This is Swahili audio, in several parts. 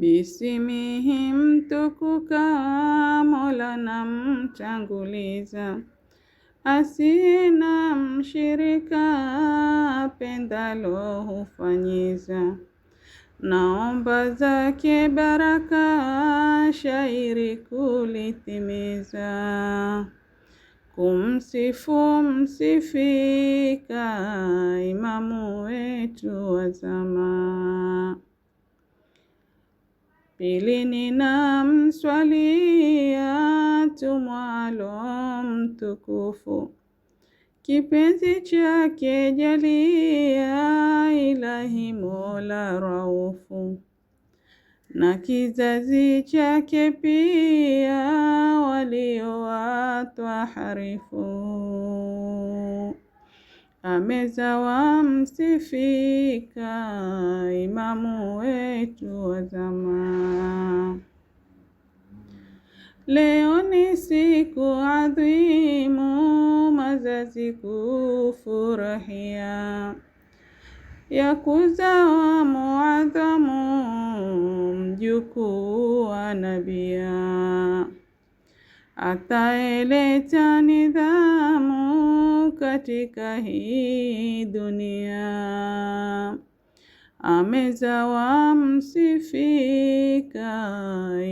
Bismihi mtukuka Mola na mtanguliza, asina mshirika, pendalo hufanyiza. Naomba zake baraka, shairi kulitimiza. Kumsifu msifika, imamu wetu wa Pili ninamswalia tumwalo mtukufu, kipenzi chake jalia, ilahi mola raufu, na kizazi chake pia walio harifu amezawa msifika, imamu wetu wa zama. Leo ni siku adhimu, mazazi kufurahia ya kuzawa muadhamu, mjukuu wa nabia, ataeleta nidhamu katika hii dunia. Amezawa msifika,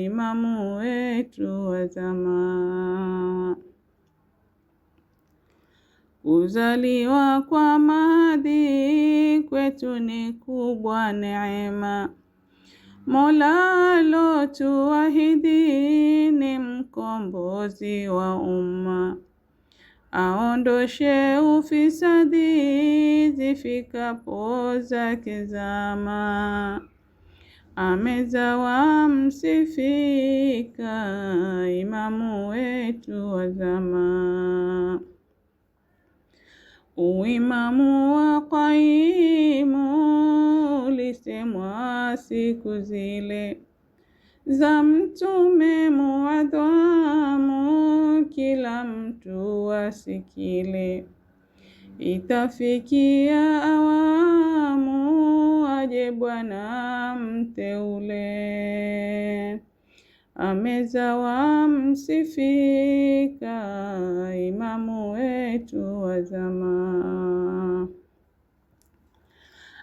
imamu wetu wa zama. Kuzaliwa kwa Mahdi kwetu ni kubwa neema. Mola alotuahidi ni mkombozi wa umma aondoshe ufisadi zifikapo zake zama. Amezawa msifika imamu wetu wa zama, uimamu wa Kaimu ulisemwa siku zile za Mtume muadhamu mtu asikile. Itafikia awamu aje Bwana mteule, amezawa msifika, imamu wetu wa zama.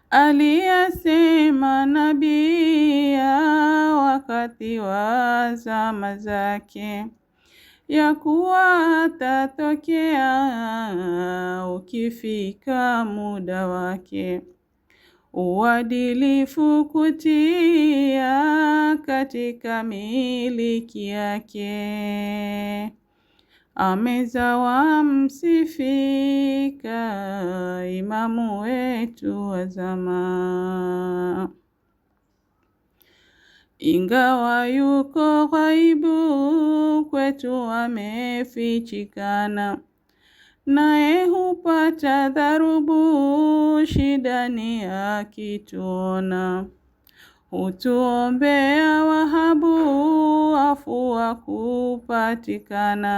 Aliyasema nabia wakati wa zama zake ya kuwa atatokea ukifika muda wake. Uadilifu kutia katika miliki yake. Amezawa msifika, imamu wetu wa zama ingawa yuko ghaibu, kwetu amefichikana, naye hupata dharubu, shidani akituona. Hutuombea Wahabu, afua kupatikana.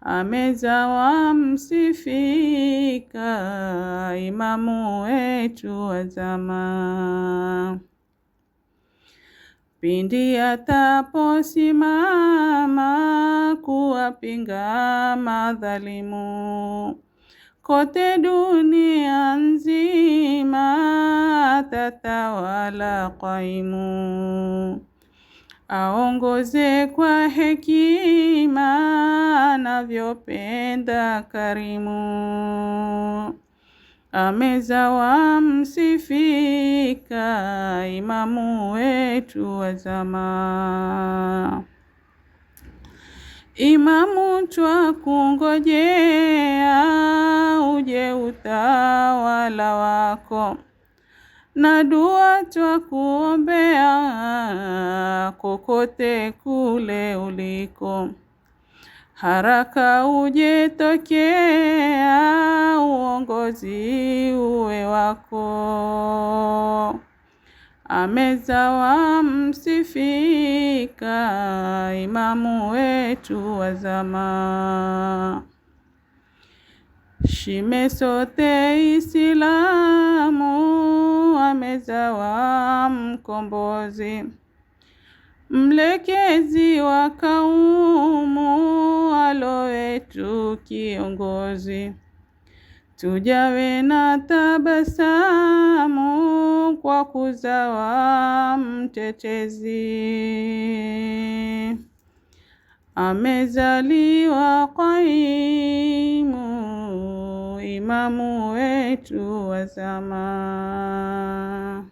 Amezawa msifika, Imamu wetu wa zama pindi ataposimama kuwapinga madhalimu. Kote dunia nzima atatawala qaimu, aongoze kwa hekima, anavyopenda karimu wa msifika imamu wetu wa zama. Imamu kungojea uje utawala wako, na dua kuombea kokote kule uliko Haraka ujetokea, uongozi uwe wako. Amezawa msifika, imamu wetu wa zama. Shime sote Isilamu, amezawa mkombozi mlekezi wa kaumu, alo wetu kiongozi. Tujawe na tabasamu kwa kuzawa mtetezi. Amezaliwa Kaimu, imamu wetu wa zama.